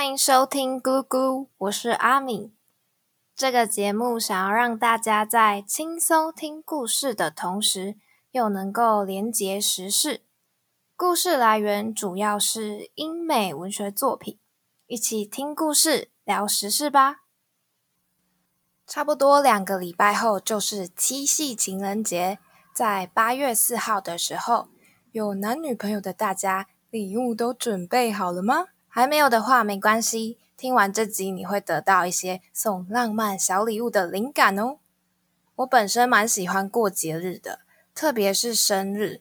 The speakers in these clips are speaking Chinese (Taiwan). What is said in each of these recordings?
歡迎收聽咕咕，我是阿敏。這個節目想要讓大家在輕鬆聽故事的同時，又能夠連接時事。故事來源主要是英美文學作品，一起聽故事，聊時事吧。差不多兩個禮拜後就是七夕情人節，在八月四號的時候，有男女朋友的大家，禮物都準備好了嗎？還沒有的話，沒關係。聽完這集，你會得到一些送浪漫小禮物的靈感哦。我本身蠻喜歡過節日的，特別是生日。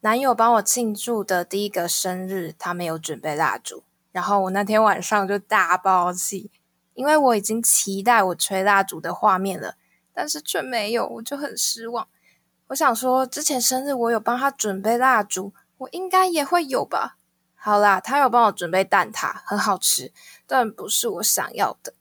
男友幫我慶祝的第一個生日，他沒有準備蠟燭，然後我那天晚上就大爆氣，因為我已經期待我吹蠟燭的畫面了，但是卻沒有，我就很失望。我想說，之前生日我有幫他準備蠟燭，我應該也會有吧。好啦，他有幫我準備蛋撻，很好吃，但不是我想要的。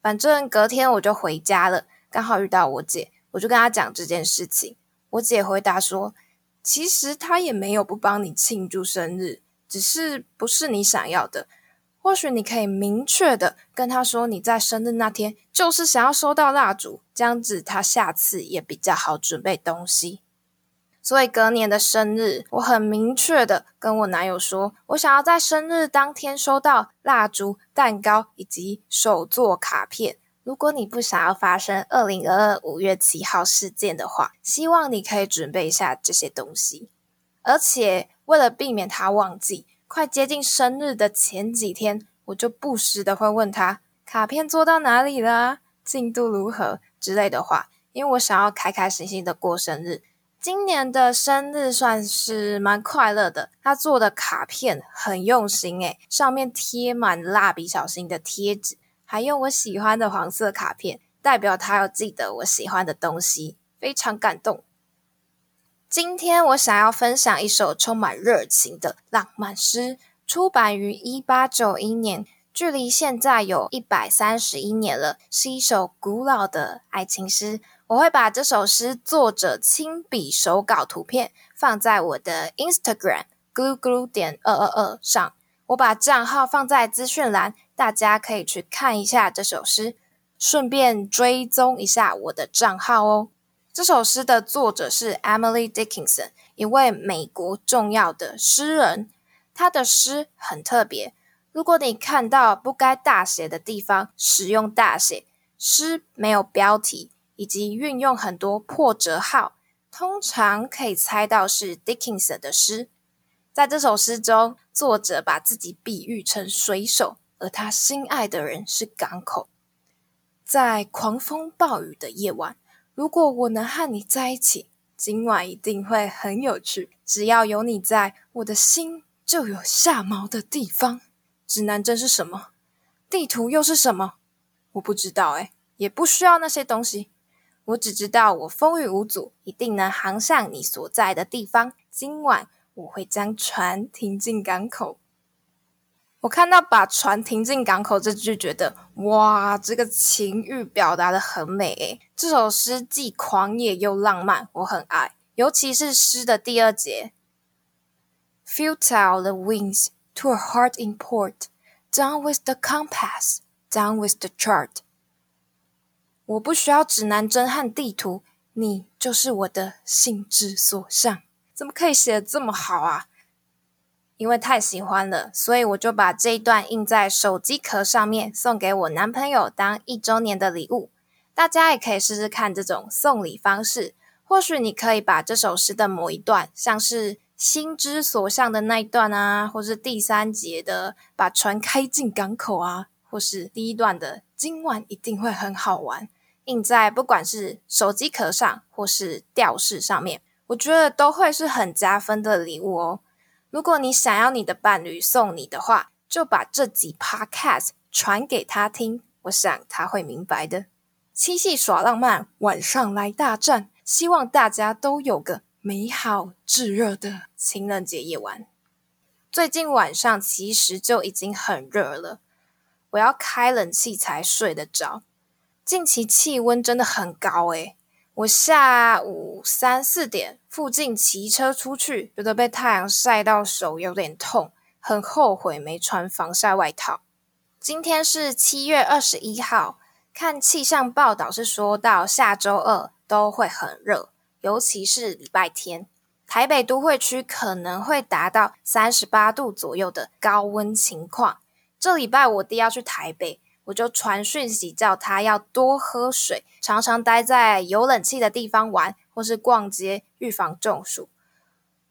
反正隔天我就回家了，剛好遇到我姐，我就跟她講這件事情。我姐回答說，其實他也沒有不幫你慶祝生日，只是不是你想要的。或許你可以明確的跟他說，你在生日那天就是想要收到蠟燭，這樣子他下次也比較好準備東西。所以隔年的生日，我很明確的跟我男友說，我想要在生日當天收到蠟燭、蛋糕以及手作卡片。如果你不想要發生二零二二五月七號事件的話，希望你可以準備一下這些東西。而且為了避免他忘記，快接近生日的前幾天，我就不時的會問他卡片做到哪裡啦、進度如何之類的話，因為我想要開開心心的過生日。今年的生日算是蠻快樂的。他做的卡片很用心誒，上面貼滿蠟筆小新的貼紙，還用我喜歡的黃色卡片，代表他要記得我喜歡的東西，非常感動。今天我想要分享一首充滿熱情的浪漫詩，出版於一八九一年。距離現在有一百三十一年了，是一首古老的愛情詩。我會把這首詩作者親筆手稿圖片放在我的 Instagram gulugulu 點二二二上。我把賬號放在資訊欄，大家可以去看一下這首詩，順便追蹤一下我的賬號哦。這首詩的作者是 Emily Dickinson，一位美國重要的詩人。她的詩很特別。如果你看到不該大寫的地方，使用大寫，詩沒有標題，以及運用很多破折號，通常可以猜到是 Dickinson 的詩。在這首詩中，作者把自己比喻成水手，而他心愛的人是港口。在狂風暴雨的夜晚，如果我能和你在一起，今晚一定會很有趣，只要有你在，我的心就有下錨的地方。指南針是什麼？地圖又是什麼？我不知道欸，也不需要那些東西。我只知道我風雨無阻，一定能航向你所在的地方。今晚我會將船停進港口。我看到“把船停進港口”這句，覺得哇，這個情欲表達得很美欸！這首詩既狂野又浪漫，我很愛。尤其是詩的第二節，“Futile the Wings”。To a heart in port, down with the compass, down with the chart。我不需要指南針和地圖，你就是我的心之所向。怎麼可以寫的這麼好啊？因為太喜歡了，所以我就把這一段印在手機殼上面，送給我男朋友當一週年的禮物。大家也可以試試看這種送禮方式，或許你可以把這首詩的某一段，像是，心之所向的那一段啊，或是第三節的把船開進港口啊，或是第一段的今晚一定會很好玩，印在不管是手機殼上或是吊飾上面，我覺得都會是很加分的禮物哦。如果你想要你的伴侶送你的話，就把這集 podcast 傳給他聽，我想他會明白的。七夕耍浪漫，晚上來大戰，希望大家都有個。美好炙熱的情人節夜晚，最近晚上其實就已經很熱了，我要開冷氣才睡得着。近期氣溫真的很高誒，我下午三四點附近騎車出去，覺得被太陽曬到手有點痛，很後悔沒穿防曬外套。今天是七月二十一號，看氣象報道是說到下周二都會很熱。尤其是禮拜天，台北都會區可能會達到三十八度左右的高溫情況。這禮拜我弟要去台北，我就傳訊息叫他要多喝水，常常待在有冷氣的地方玩或是逛街，預防中暑。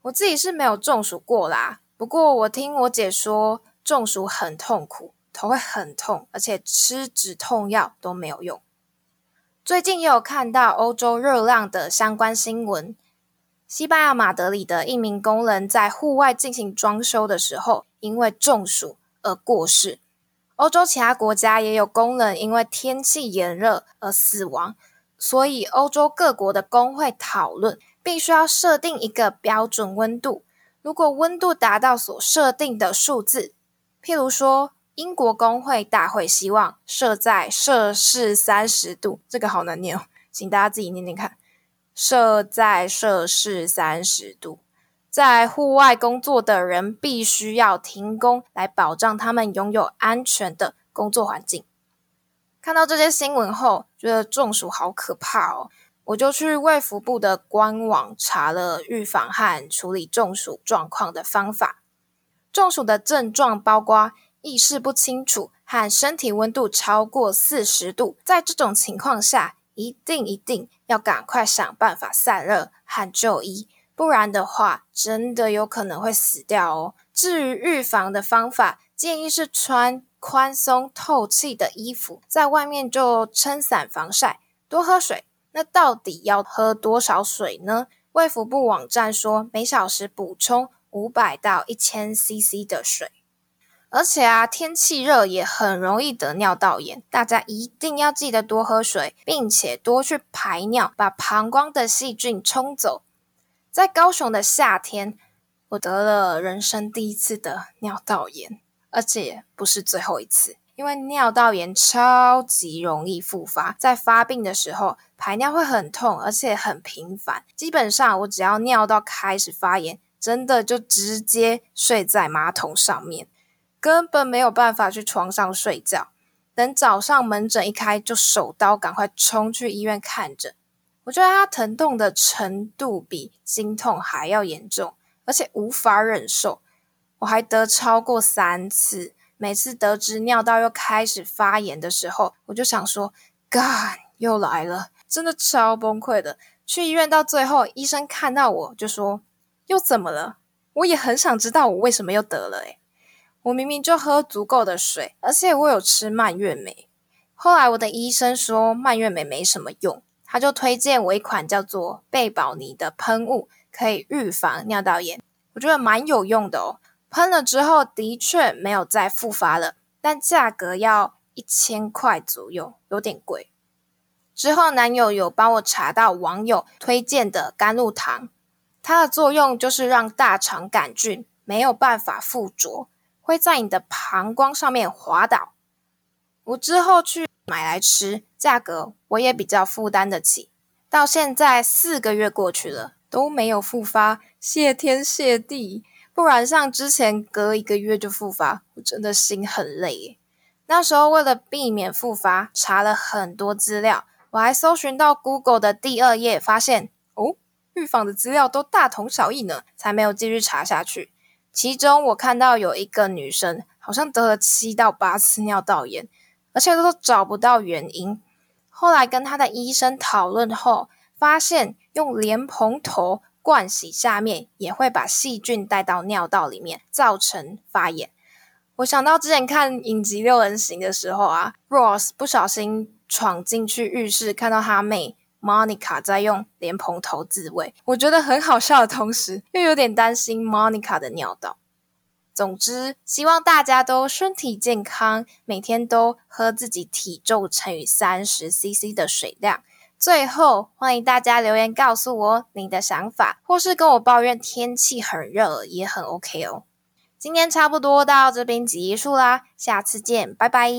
我自己是沒有中暑過啦，不過我聽我姐說，中暑很痛苦，頭會很痛，而且吃止痛藥都沒有用。最近又有看到歐洲熱浪的相關新聞。西班牙馬德里的一名工人在戶外進行裝修的時候，因為中暑而過世。歐洲其他國家也有工人因為天氣炎熱而死亡。所以，歐洲各國的工會討論，必須要設定一個標準溫度。如果溫度達到所設定的數字，譬如說。英國工會大會希望設在攝氏三十度，這個好難念哦，請大家自己念念看。設在攝氏三十度，在戶外工作的人必須要停工，來保障他們擁有安全的工作環境。看到這些新聞後，覺得中暑好可怕哦！我就去衛福部的官網查了預防和處理中暑狀況的方法。中暑的症狀包括。意識不清楚和身體溫度超過四十度，在這種情況下，一定一定要趕快想辦法散熱和就醫，不然的話，真的有可能會死掉哦。至於預防的方法，建議是穿寬鬆透氣的衣服，在外面就撐傘防曬，多喝水。那到底要喝多少水呢？衛福部網站說，每小時補充五百到一千 CC 的水。而且啊，天氣熱也很容易得尿道炎。大家一定要記得多喝水，並且多去排尿，把膀胱的細菌沖走。在高雄的夏天，我得了人生第一次的尿道炎，而且不是最後一次，因為尿道炎超級容易復發。在發病的時候，排尿會很痛，而且很頻繁。基本上，我只要尿道開始發炎，真的就直接睡在馬桶上面。根本沒有辦法去床上睡覺，等早上門診一開，就手刀趕快衝去醫院看診。我覺得他疼痛的程度比經痛還要嚴重，而且無法忍受。我還得超過三次，每次得知尿道又開始發炎的時候，我就想說：“ God 又來了！”真的超崩潰的。去醫院到最後，醫生看到我就說：“又怎麼了？”我也很想知道我為什麼又得了誒。我明明就喝足夠的水，而且我有吃蔓越莓。後來我的醫生說蔓越莓沒什麼用，他就推薦我一款叫做貝寶尼的噴霧，可以預防尿道炎。我覺得蠻有用的哦，噴了之後的確沒有再復發了，但價格要一千塊左右，有點貴。之後男友有幫我查到網友推薦的甘露糖，它的作用就是讓大腸桿菌沒有辦法附着。會在你的膀胱上面滑倒。我之後去買來吃，價格我也比較負擔得起。到現在四個月過去了，都沒有復發，謝天謝地。不然像之前隔一個月就復發，我真的心很累耶。那時候為了避免復發，查了很多資料，我還搜尋到 Google 的第二頁，發現哦，預防的資料都大同小異呢，才沒有繼續查下去。其中我看到有一個女生，好像得了七到八次尿道炎，而且都找不到原因。後來跟她的醫生討論後，發現用蓮蓬頭灌洗下面也會把細菌帶到尿道裡面，造成發炎。我想到之前看《影集六人行》的時候啊，Ross 不小心闖進去浴室，看到他妹。Monica 在用蓮蓬頭自慰，我覺得很好笑的同時，又有點擔心 Monica 的尿道。總之，希望大家都身體健康，每天都喝自己體重乘以三十 cc 的水量。最後，歡迎大家留言告訴我你的想法，或是跟我抱怨天氣很熱，也很 OK 哦。今天差不多到這邊結束啦，下次見，拜拜。